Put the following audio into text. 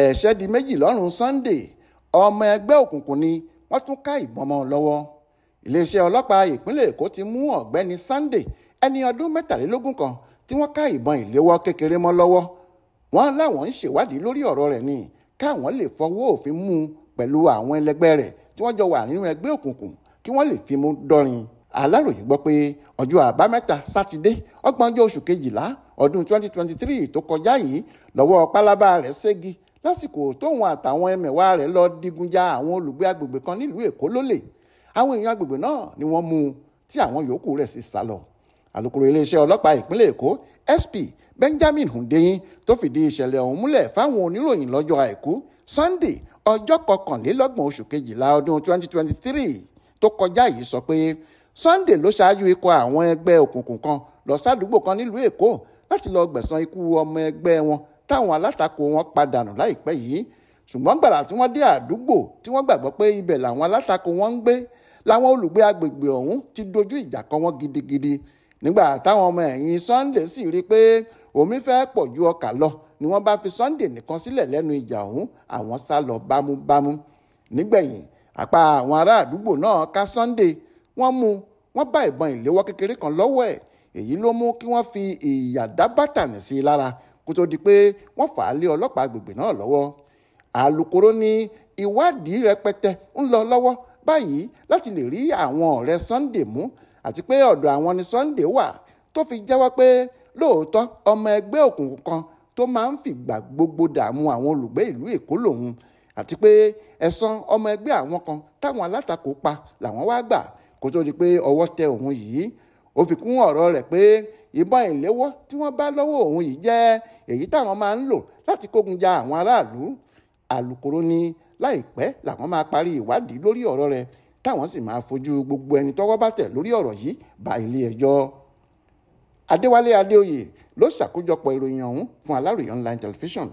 ẹ̀ṣẹ̀ di méjì lọ́rùn Sunday ọmọ ẹgbẹ́ òkùnkùn ni wọ́n tún ká ìbọn mọ́ ọ lọ́wọ́ iléeṣẹ́ ọlọ́pàá ìpínlẹ̀ Èkó ti mú ọ̀gbẹ́ni Sunday ẹni ọdún mẹ́tàlélógún kan tí wọ́n ká ìbọn ìléwọ́ kékeré mọ́ lọ́wọ́ wọ́n láwọn ń ṣèwádìí lórí ọ̀rọ̀ rẹ̀ ni káwọn lè fọwọ́ òfin mú un pẹ̀lú àwọn ẹlẹgbẹ́ rẹ̀ tí wọ́n jọ wà nínú ẹgbẹ́ òkùnkùn kí wọ́n lè fi mú dọ́rin aláròye gbọ́ pé ọjọ́ àbámẹ́ta sátidé ọgbọ̀njọ́ oṣù kejìlá ọdún 2023 tó kọjá yìí lọ́wọ́ pálábá rẹ̀ ségi lásìkò tóun àtàwọn ẹmẹ̀wà rẹ̀ lọ digunja àwọn olùgbé agbègbè kan nílùú èkó lólè àwọn èèyàn agbègbè náà ni wọ́n mú un tí àwọn yòókù rẹ̀ sì sá lọ alukoro iléeṣẹ́ ọlọ́pàá ìpínlẹ̀ èkó sp benjamin hundeyin tó fìdí ìṣẹ̀lẹ̀ ọ̀hún múlẹ̀ fáwọn oníròyìn lọ́jọ́ àìkú sunday ọjọ́ kọkànlélọ́gbọ̀n oṣù kejìlá ọdún 2023 tó kọjá yìí sọ pé sunday ló ṣáájú ikọ̀ àwọn ẹgbẹ́ òkùnkùn kan lọ sádùúgbò kan nílùú èkó láti lọ gbẹ̀san ikú ọmọ ẹgbẹ́ wọn táwọn alátakò wọn padànù láìpẹ́ yìí ṣùgbọ́n gbàrà tí wọ́n dé àdúgbò tí wọ́n gbàgbọ́ pé ibẹ̀ làwọn alátakò wọn ń gbé làwọn olùgbé agbègbè ọ̀hún ti dojú ìjà kọ wọn gidigidi nígbà táwọn ọmọ ẹ̀yìn Sunday sì rí i pé omi fẹ́ pọ̀ ju ọkà lọ ni wọ́n bá fi Sunday nìkan sílẹ̀ lẹ́nu ìjà ọ̀hún àwọn sá lọ bámúbámú nígbẹ̀yìn apá àwọn ará àdúgbò náà ká Sunday wọ́n mú wọ́n bá ìbọn ìléwọ́ kékeré kan lọ́wọ́ ẹ̀ èyí ló mú kí wọ́n fi ìyà bátànì sí i lára kó tó di pé wọ́n fà á lé ọlọ́pàá agbègbè náà lọ́wọ́ alūkkóró ní ìwádìí rẹpẹtẹ ń lọ lọ́wọ́ báyìí láti lè rí àwọn ọ̀rẹ́ Sunday mú àti pé ọ̀dọ̀ àwọn ni Sunday wà tó fi jẹ́wọ́ pé lóòótọ́ ọmọ ẹgbẹ́ òkùnkùn kan tó máa ń fìgbà gbogbo dààmú àwọn olùgbé ìlú Èkó lòun àti pé ẹ̀san ọmọ ẹgbẹ́ àwọn kan táwọn alátakò pa làwọn wá gbà kó tó di pé ọwọ́ tẹ òun yìí ó fi kún ọ̀rọ̀ rẹ̀ pé ìbọn ìléwọ́ tí wọ́n bá lọ́wọ́ òun yìí jẹ́ èyí táwọn máa ń lò láti kógun ja àwọn aráàlú alūkkóró ní láìpẹ́ làwọn máa parí ìwádìí lórí ọ̀rọ̀ rẹ̀ táwọn sì máa fojú gbogbo ẹni tọ́wọ́ bá tẹ̀ lórí ọ̀rọ̀ yìí bá ilé ẹjọ́ Adéwálé Adéoyè ló ṣàkójọpọ̀ ìròyìn ọ̀hún fún Aláròyé online television.